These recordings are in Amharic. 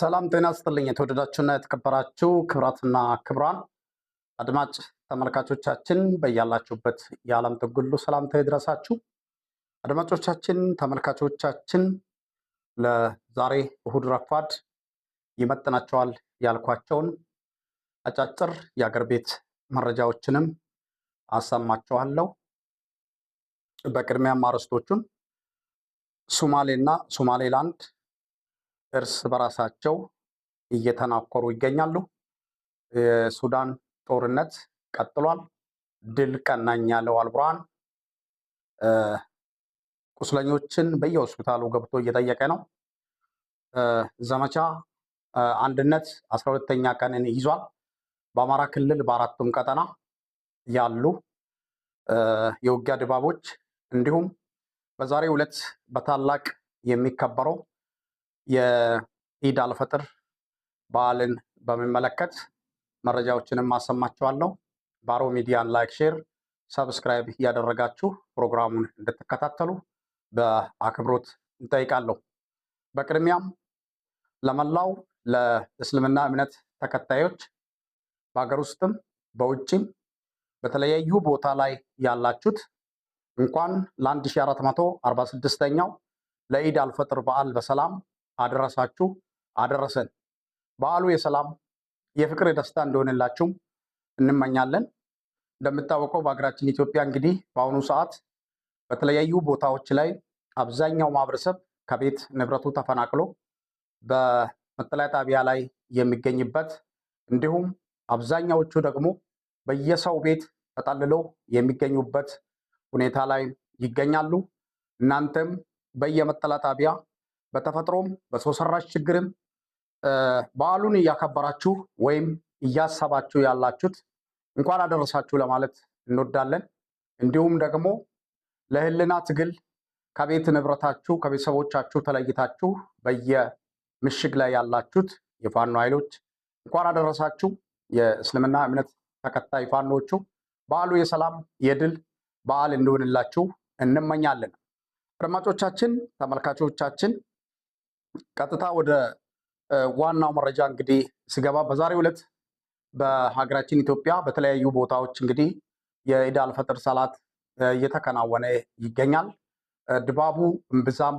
ሰላም ጤና ስጥልኝ። የተወደዳችሁና የተከበራችሁ ክብራትና ክብራን አድማጭ ተመልካቾቻችን በያላችሁበት የዓለም ጥግ ሰላምታ ይድረሳችሁ። አድማጮቻችን፣ ተመልካቾቻችን ለዛሬ እሁድ ረፋድ ይመጥናቸዋል ያልኳቸውን አጫጭር የአገር ቤት መረጃዎችንም አሰማችኋለሁ። በቅድሚያም አርዕስቶቹን ሶማሌና ሶማሌላንድ እርስ በራሳቸው እየተናኮሩ ይገኛሉ። የሱዳን ጦርነት ቀጥሏል። ድል ቀናኝ ያለው አልቡርሃን ቁስለኞችን በየሆስፒታሉ ገብቶ እየጠየቀ ነው። ዘመቻ አንድነት አስራ ሁለተኛ ቀንን ይዟል። በአማራ ክልል በአራቱም ቀጠና ያሉ የውጊያ ድባቦች እንዲሁም በዛሬው ዕለት በታላቅ የሚከበረው የኢድ አልፈጥር በዓልን በሚመለከት መረጃዎችንም አሰማችኋለሁ። ባሮ ሚዲያን ላይክ፣ ሼር፣ ሰብስክራይብ እያደረጋችሁ ፕሮግራሙን እንድትከታተሉ በአክብሮት እንጠይቃለሁ። በቅድሚያም ለመላው ለእስልምና እምነት ተከታዮች በሀገር ውስጥም በውጭም በተለያዩ ቦታ ላይ ያላችሁት እንኳን ለ1446ኛው ለኢድ አልፈጥር በዓል በሰላም አደረሳችሁ አደረሰን። በዓሉ የሰላም የፍቅር፣ የደስታ እንደሆነላችሁም እንመኛለን። እንደምታወቀው በሀገራችን ኢትዮጵያ እንግዲህ በአሁኑ ሰዓት በተለያዩ ቦታዎች ላይ አብዛኛው ማህበረሰብ ከቤት ንብረቱ ተፈናቅሎ በመጠለያ ጣቢያ ላይ የሚገኝበት እንዲሁም አብዛኛዎቹ ደግሞ በየሰው ቤት ተጠልለው የሚገኙበት ሁኔታ ላይ ይገኛሉ። እናንተም በየመጠለያ ጣቢያ በተፈጥሮም በሰው ሰራሽ ችግርም በዓሉን እያከበራችሁ ወይም እያሰባችሁ ያላችሁት እንኳን አደረሳችሁ ለማለት እንወዳለን። እንዲሁም ደግሞ ለህልና ትግል ከቤት ንብረታችሁ ከቤተሰቦቻችሁ ተለይታችሁ በየምሽግ ላይ ያላችሁት የፋኖ ኃይሎች እንኳን አደረሳችሁ። የእስልምና እምነት ተከታይ ፋኖቹ በዓሉ የሰላም የድል በዓል እንዲሆንላችሁ እንመኛለን። አድማጮቻችን፣ ተመልካቾቻችን ቀጥታ ወደ ዋናው መረጃ እንግዲህ ስገባ በዛሬው ዕለት በሀገራችን ኢትዮጵያ በተለያዩ ቦታዎች እንግዲህ የኢድ አልፈጥር ሰላት እየተከናወነ ይገኛል። ድባቡ እምብዛም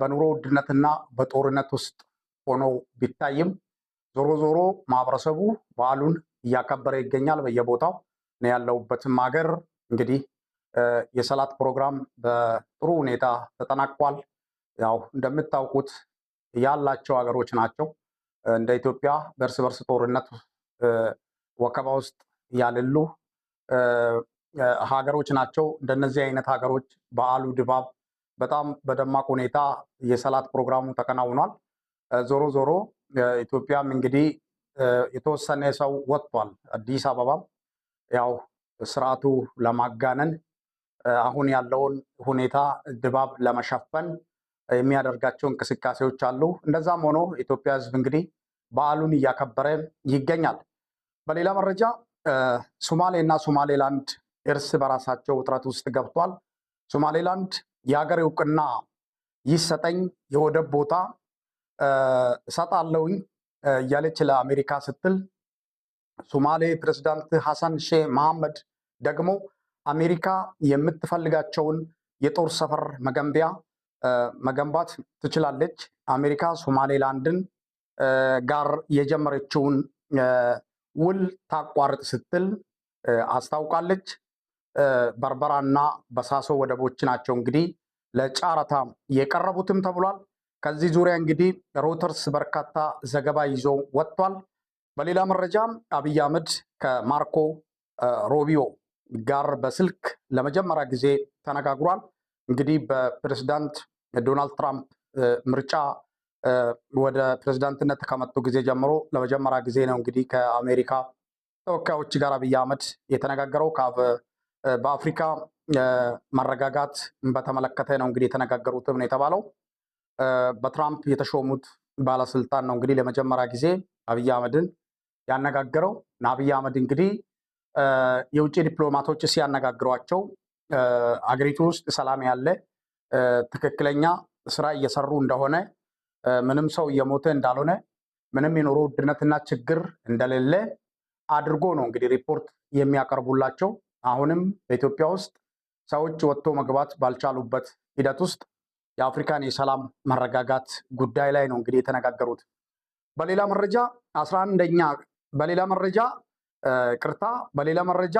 በኑሮ ውድነትና በጦርነት ውስጥ ሆኖ ቢታይም ዞሮ ዞሮ ማህበረሰቡ በዓሉን እያከበረ ይገኛል በየቦታው። እኔ ያለሁበትም ሀገር እንግዲህ የሰላት ፕሮግራም በጥሩ ሁኔታ ተጠናቋል። ያው እንደምታውቁት ያላቸው ሀገሮች ናቸው። እንደ ኢትዮጵያ በእርስ በርስ ጦርነት ወከባ ውስጥ ያልሉ ሀገሮች ናቸው። እንደነዚህ አይነት ሀገሮች በዓሉ ድባብ በጣም በደማቅ ሁኔታ የሰላት ፕሮግራሙ ተከናውኗል። ዞሮ ዞሮ ኢትዮጵያም እንግዲህ የተወሰነ ሰው ወጥቷል። አዲስ አበባም ያው ስርዓቱ ለማጋነን አሁን ያለውን ሁኔታ ድባብ ለመሸፈን የሚያደርጋቸው እንቅስቃሴዎች አሉ። እንደዛም ሆኖ የኢትዮጵያ ሕዝብ እንግዲህ በዓሉን እያከበረ ይገኛል። በሌላ መረጃ ሶማሌ እና ሶማሌላንድ እርስ በራሳቸው ውጥረት ውስጥ ገብቷል። ሶማሌላንድ የሀገር እውቅና ይሰጠኝ፣ የወደብ ቦታ እሰጣለውኝ እያለች ለአሜሪካ ስትል ሶማሌ ፕሬዚዳንት ሐሰን ሼህ መሐመድ ደግሞ አሜሪካ የምትፈልጋቸውን የጦር ሰፈር መገንቢያ መገንባት ትችላለች። አሜሪካ ሶማሌላንድን ጋር የጀመረችውን ውል ታቋርጥ ስትል አስታውቃለች። በርበራና በሳሶ ወደቦች ናቸው እንግዲህ ለጨረታ የቀረቡትም ተብሏል። ከዚህ ዙሪያ እንግዲህ ሮይተርስ በርካታ ዘገባ ይዞ ወጥቷል። በሌላ መረጃ አብይ አህመድ ከማርኮ ሮቢዮ ጋር በስልክ ለመጀመሪያ ጊዜ ተነጋግሯል። እንግዲህ በፕሬዝዳንት ዶናልድ ትራምፕ ምርጫ ወደ ፕሬዝዳንትነት ከመጡ ጊዜ ጀምሮ ለመጀመሪያ ጊዜ ነው እንግዲህ ከአሜሪካ ተወካዮች ጋር አብይ አህመድ የተነጋገረው። በአፍሪካ መረጋጋት በተመለከተ ነው እንግዲህ የተነጋገሩትም ነው የተባለው። በትራምፕ የተሾሙት ባለስልጣን ነው እንግዲህ ለመጀመሪያ ጊዜ አብይ አህመድን ያነጋገረው። አብይ አህመድ እንግዲህ የውጭ ዲፕሎማቶች ሲያነጋግሯቸው አገሪቱ ውስጥ ሰላም ያለ ትክክለኛ ስራ እየሰሩ እንደሆነ፣ ምንም ሰው እየሞተ እንዳልሆነ፣ ምንም የኑሮ ውድነትና ችግር እንደሌለ አድርጎ ነው እንግዲህ ሪፖርት የሚያቀርቡላቸው። አሁንም በኢትዮጵያ ውስጥ ሰዎች ወጥቶ መግባት ባልቻሉበት ሂደት ውስጥ የአፍሪካን የሰላም መረጋጋት ጉዳይ ላይ ነው እንግዲህ የተነጋገሩት። በሌላ መረጃ አስራ አንደኛ በሌላ መረጃ ቅርታ በሌላ መረጃ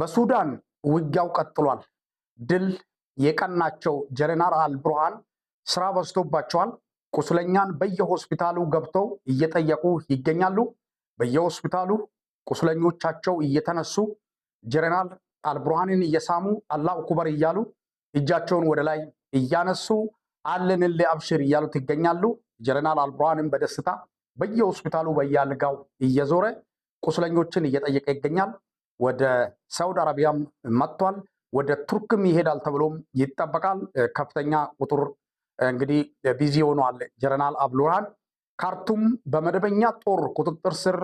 በሱዳን ውጊያው ቀጥሏል። ድል የቀናቸው ጀነራል ብርሃን ስራ በዝቶባቸዋል። ቁስለኛን በየሆስፒታሉ ገብተው እየጠየቁ ይገኛሉ። በየሆስፒታሉ ቁስለኞቻቸው እየተነሱ ጀነራል አልብርሃንን እየሳሙ አላሁ አክበር እያሉ እጃቸውን ወደ ላይ እያነሱ አለንል አብሽር እያሉት ይገኛሉ። ጀነራል አልብርሃንን በደስታ በየሆስፒታሉ በየአልጋው እየዞረ ቁስለኞችን እየጠየቀ ይገኛል። ወደ ሳውዲ አረቢያም መጥቷል። ወደ ቱርክም ይሄዳል ተብሎም ይጠበቃል። ከፍተኛ ቁጥር እንግዲህ ቢዚ ሆኗል ጀነራል አብሉርሃን። ካርቱም በመደበኛ ጦር ቁጥጥር ስር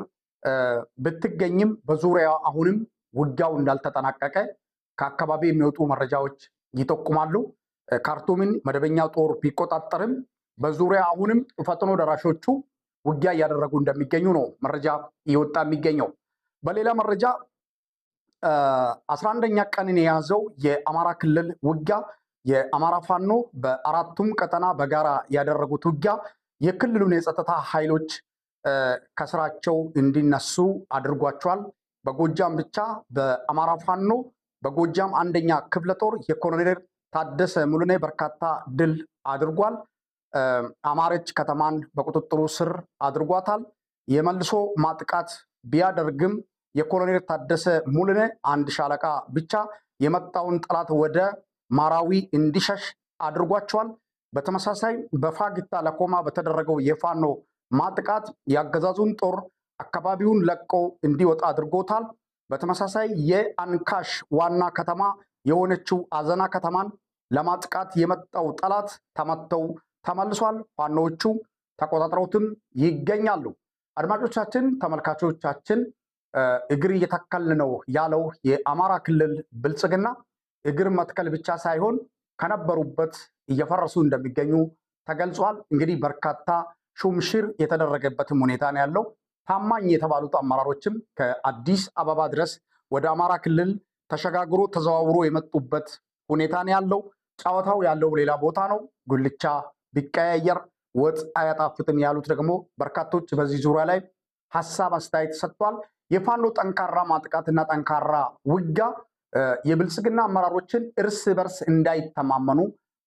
ብትገኝም በዙሪያ አሁንም ውጊያው እንዳልተጠናቀቀ ከአካባቢ የሚወጡ መረጃዎች ይጠቁማሉ። ካርቱምን መደበኛ ጦር ቢቆጣጠርም በዙሪያ አሁንም ፈጥኖ ደራሾቹ ውጊያ እያደረጉ እንደሚገኙ ነው መረጃ እየወጣ የሚገኘው። በሌላ መረጃ አስራ አንደኛ ቀንን የያዘው የአማራ ክልል ውጊያ የአማራ ፋኖ በአራቱም ቀጠና በጋራ ያደረጉት ውጊያ የክልሉን የጸጥታ ኃይሎች ከስራቸው እንዲነሱ አድርጓቸዋል። በጎጃም ብቻ በአማራ ፋኖ በጎጃም አንደኛ ክፍለ ጦር የኮሎኔል ታደሰ ሙሉኔ በርካታ ድል አድርጓል። አማረች ከተማን በቁጥጥሩ ስር አድርጓታል። የመልሶ ማጥቃት ቢያደርግም የኮሎኔል ታደሰ ሙልነ አንድ ሻለቃ ብቻ የመጣውን ጠላት ወደ ማራዊ እንዲሸሽ አድርጓቸዋል። በተመሳሳይ በፋግታ ለኮማ በተደረገው የፋኖ ማጥቃት የአገዛዙን ጦር አካባቢውን ለቆ እንዲወጣ አድርጎታል። በተመሳሳይ የአንካሽ ዋና ከተማ የሆነችው አዘና ከተማን ለማጥቃት የመጣው ጠላት ተመተው ተመልሷል። ፋኖዎቹ ተቆጣጥረውትም ይገኛሉ። አድማጮቻችን፣ ተመልካቾቻችን እግር እየተከልን ነው ያለው የአማራ ክልል ብልጽግና እግር መትከል ብቻ ሳይሆን ከነበሩበት እየፈረሱ እንደሚገኙ ተገልጿል። እንግዲህ በርካታ ሹምሽር የተደረገበትም ሁኔታ ነው ያለው። ታማኝ የተባሉት አመራሮችም ከአዲስ አበባ ድረስ ወደ አማራ ክልል ተሸጋግሮ ተዘዋውሮ የመጡበት ሁኔታ ነው ያለው። ጨዋታው ያለው ሌላ ቦታ ነው። ጉልቻ ቢቀያየር ወጥ አያጣፍጥም ያሉት ደግሞ በርካቶች በዚህ ዙሪያ ላይ ሀሳብ አስተያየት ሰጥቷል። የፋኖ ጠንካራ ማጥቃትና ጠንካራ ውጊያ የብልጽግና አመራሮችን እርስ በርስ እንዳይተማመኑ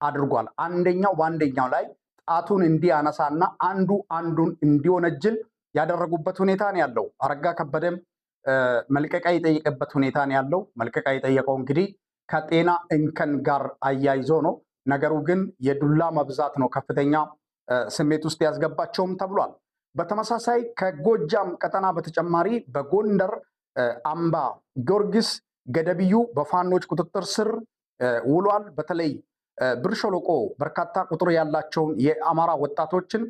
አድርጓል። አንደኛው በአንደኛው ላይ ጣቱን እንዲያነሳና አንዱ አንዱን እንዲወነጅል ያደረጉበት ሁኔታ ነው ያለው። አረጋ ከበደም መልቀቂያ የጠየቀበት ሁኔታ ነው ያለው። መልቀቂያ የጠየቀው እንግዲህ ከጤና እንከን ጋር አያይዞ ነው። ነገሩ ግን የዱላ መብዛት ነው ከፍተኛ ስሜት ውስጥ ያስገባቸውም ተብሏል። በተመሳሳይ ከጎጃም ቀጠና በተጨማሪ በጎንደር አምባ ጊዮርጊስ ገደብዩ በፋኖች ቁጥጥር ስር ውሏል። በተለይ ብር ሸለቆ በርካታ ቁጥር ያላቸውን የአማራ ወጣቶችን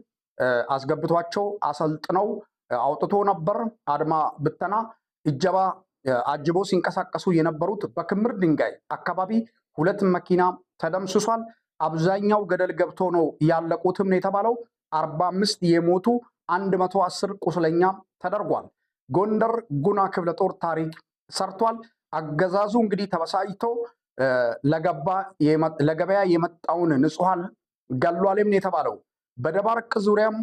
አስገብቷቸው አሰልጥነው አውጥቶ ነበር። አድማ ብተና እጀባ አጅቦ ሲንቀሳቀሱ የነበሩት በክምር ድንጋይ አካባቢ ሁለት መኪና ተደምስሷል። አብዛኛው ገደል ገብቶ ነው ያለቁትም ነው የተባለው። አርባ አምስት የሞቱ 110 ቁስለኛ ተደርጓል። ጎንደር ጉና ክፍለ ጦር ታሪክ ሰርቷል። አገዛዙ እንግዲህ ተበሳጭቶ ለገበያ የመጣውን ንጹሐን ገሏልም የተባለው በደባርቅ ዙሪያም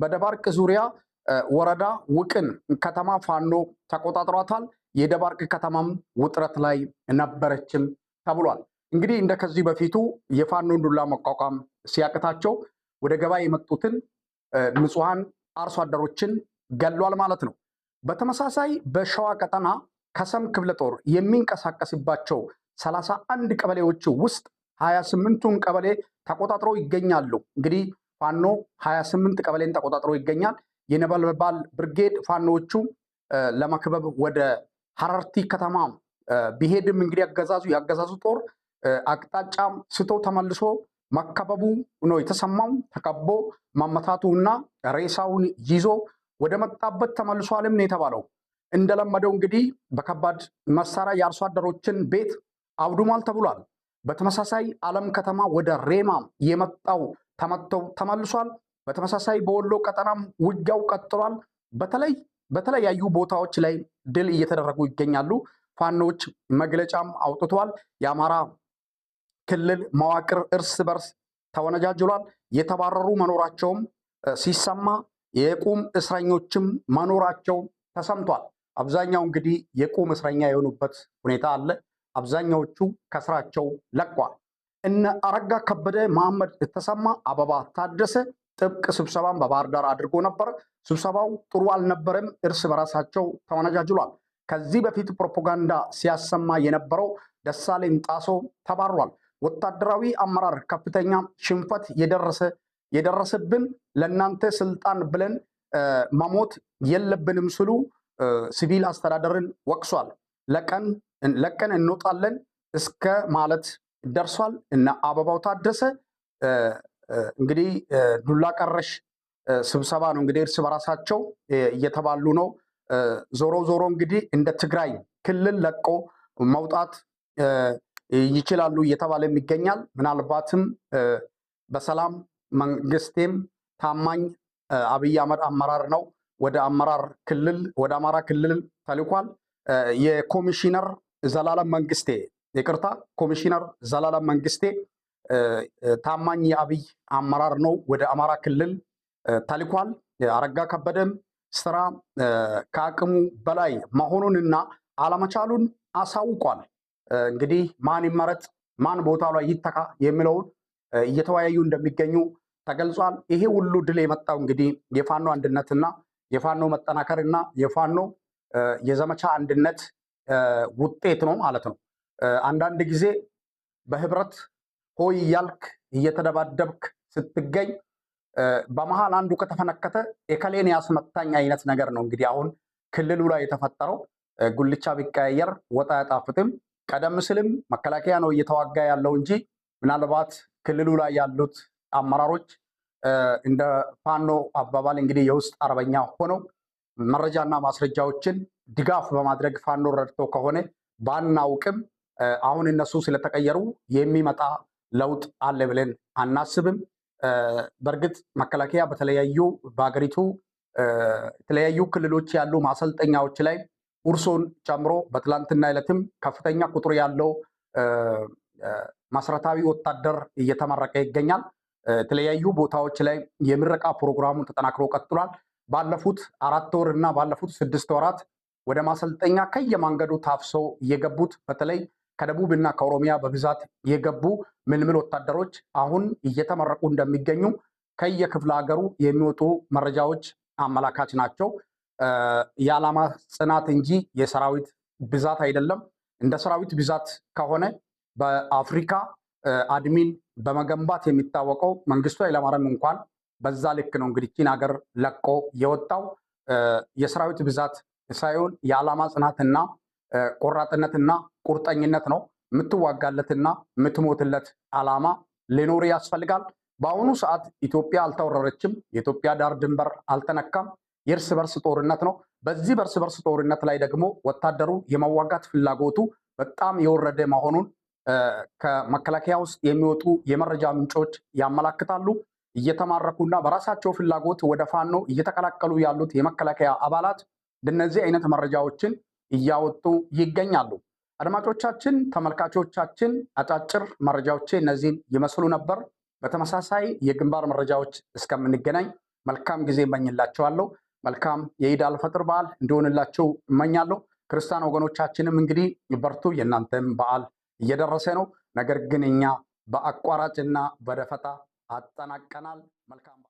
በደባርቅ ዙሪያ ወረዳ ውቅን ከተማ ፋኖ ተቆጣጥሯታል። የደባርቅ ከተማም ውጥረት ላይ ነበረችም ተብሏል። እንግዲህ እንደ ከዚህ በፊቱ የፋኖን ዱላ መቋቋም ሲያቅታቸው ወደ ገባ የመጡትን ንጹሐን አርሶ አደሮችን ገሏል ማለት ነው። በተመሳሳይ በሸዋ ቀጠና ከሰም ክፍለ ጦር የሚንቀሳቀስባቸው ሰላሳ አንድ ቀበሌዎች ውስጥ ሀያ ስምንቱን ቀበሌ ተቆጣጥሮ ይገኛሉ። እንግዲህ ፋኖ ሀያ ስምንት ቀበሌን ተቆጣጥሮ ይገኛል። የነበልባል ብርጌድ ፋኖዎቹ ለመክበብ ወደ ሀረርቲ ከተማ ቢሄድም እንግዲህ ያገዛዙ ያገዛዙ ጦር አቅጣጫ ስቶ ተመልሶ መከበቡ ነው የተሰማው። ተከቦ እና ሬሳውን ይዞ ወደ መጣበት ተመልሷልም ነው የተባለው። እንደለመደው እንግዲህ በከባድ መሳሪያ የአርሶ አደሮችን ቤት አውድሟል ተብሏል። በተመሳሳይ አለም ከተማ ወደ ሬማ የመጣው ተመተው ተመልሷል። በተመሳሳይ በወሎ ቀጠናም ውጊያው ቀጥሏል። በተለይ በተለያዩ ቦታዎች ላይ ድል እየተደረጉ ይገኛሉ። ፋኖች መግለጫም አውጥተዋል። የአማራ ክልል መዋቅር እርስ በርስ ተወነጃጅሏል። የተባረሩ መኖራቸውም ሲሰማ የቁም እስረኞችም መኖራቸው ተሰምቷል። አብዛኛው እንግዲህ የቁም እስረኛ የሆኑበት ሁኔታ አለ። አብዛኛዎቹ ከስራቸው ለቋል። እነ አረጋ ከበደ፣ መሐመድ ተሰማ፣ አበባ ታደሰ ጥብቅ ስብሰባን በባህር ዳር አድርጎ ነበር። ስብሰባው ጥሩ አልነበረም። እርስ በራሳቸው ተወነጃጅሏል። ከዚህ በፊት ፕሮፓጋንዳ ሲያሰማ የነበረው ደሳለኝ ጣሶ ተባሯል። ወታደራዊ አመራር ከፍተኛ ሽንፈት የደረሰ የደረሰብን ለእናንተ ስልጣን ብለን መሞት የለብንም ስሉ ሲቪል አስተዳደርን ወቅሷል። ለቀን እንወጣለን እስከ ማለት ደርሷል። እነ አበባው ታደሰ እንግዲህ ዱላ ቀረሽ ስብሰባ ነው እንግዲህ እርስ በራሳቸው እየተባሉ ነው። ዞሮ ዞሮ እንግዲህ እንደ ትግራይ ክልል ለቆ መውጣት ይችላሉ እየተባለ ይገኛል። ምናልባትም በሰላም መንግስቴም ታማኝ አብይ አህመድ አመራር ነው ወደ አመራር ክልል ወደ አማራ ክልል ተልኳል። የኮሚሽነር ዘላለም መንግስቴ ይቅርታ፣ ኮሚሽነር ዘላለም መንግስቴ ታማኝ የአብይ አመራር ነው ወደ አማራ ክልል ተልኳል። አረጋ ከበደም ስራ ከአቅሙ በላይ መሆኑንና አለመቻሉን አሳውቋል። እንግዲህ ማን ይመረጥ፣ ማን ቦታ ላይ ይተካ የሚለውን እየተወያዩ እንደሚገኙ ተገልጿል። ይሄ ሁሉ ድል የመጣው እንግዲህ የፋኖ አንድነትና የፋኖ መጠናከር እና የፋኖ የዘመቻ አንድነት ውጤት ነው ማለት ነው። አንዳንድ ጊዜ በህብረት ሆይ እያልክ እየተደባደብክ ስትገኝ በመሀል አንዱ ከተፈነከተ የከሌን ያስመታኝ አይነት ነገር ነው እንግዲህ አሁን ክልሉ ላይ የተፈጠረው። ጉልቻ ቢቀያየር ወጥ አያጣፍጥም። ቀደም ሲልም መከላከያ ነው እየተዋጋ ያለው እንጂ ምናልባት ክልሉ ላይ ያሉት አመራሮች እንደ ፋኖ አባባል እንግዲህ የውስጥ አርበኛ ሆነው መረጃና ማስረጃዎችን ድጋፍ በማድረግ ፋኖ ረድቶ ከሆነ ባናውቅም አሁን እነሱ ስለተቀየሩ የሚመጣ ለውጥ አለ ብለን አናስብም። በእርግጥ መከላከያ በተለያዩ በሀገሪቱ የተለያዩ ክልሎች ያሉ ማሰልጠኛዎች ላይ ኡርሶን ጨምሮ በትላንትና ዕለትም ከፍተኛ ቁጥር ያለው መሰረታዊ ወታደር እየተመረቀ ይገኛል። የተለያዩ ቦታዎች ላይ የምረቃ ፕሮግራሙ ተጠናክሮ ቀጥሏል። ባለፉት አራት ወር እና ባለፉት ስድስት ወራት ወደ ማሰልጠኛ ከየመንገዱ ታፍሰው እየገቡት በተለይ ከደቡብ እና ከኦሮሚያ በብዛት የገቡ ምልምል ወታደሮች አሁን እየተመረቁ እንደሚገኙ ከየክፍለ ሀገሩ የሚወጡ መረጃዎች አመላካች ናቸው። የዓላማ ጽናት እንጂ የሰራዊት ብዛት አይደለም። እንደ ሰራዊት ብዛት ከሆነ በአፍሪካ አድሚን በመገንባት የሚታወቀው መንግስቱ ኃይለማርያም እንኳን በዛ ልክ ነው እንግዲህ ቺን ሀገር ለቆ የወጣው የሰራዊት ብዛት ሳይሆን የዓላማ ጽናትና ቆራጥነትና ቁርጠኝነት ነው። የምትዋጋለትና የምትሞትለት ዓላማ ሊኖር ያስፈልጋል። በአሁኑ ሰዓት ኢትዮጵያ አልተወረረችም። የኢትዮጵያ ዳር ድንበር አልተነካም። የእርስ በርስ ጦርነት ነው። በዚህ በእርስ በርስ ጦርነት ላይ ደግሞ ወታደሩ የመዋጋት ፍላጎቱ በጣም የወረደ መሆኑን ከመከላከያ ውስጥ የሚወጡ የመረጃ ምንጮች ያመላክታሉ። እየተማረኩና በራሳቸው ፍላጎት ወደ ፋኖ እየተቀላቀሉ ያሉት የመከላከያ አባላት እንደነዚህ አይነት መረጃዎችን እያወጡ ይገኛሉ። አድማጮቻችን፣ ተመልካቾቻችን አጫጭር መረጃዎች እነዚህን ይመስሉ ነበር። በተመሳሳይ የግንባር መረጃዎች እስከምንገናኝ መልካም ጊዜ እመኝላቸዋለሁ። መልካም የኢድ አልፈጥር በዓል እንዲሆንላችሁ እመኛለሁ። ክርስቲያን ወገኖቻችንም እንግዲህ በርቱ፣ የእናንተም በዓል እየደረሰ ነው። ነገር ግን እኛ በአቋራጭና በደፈታ አጠናቀናል። መልካም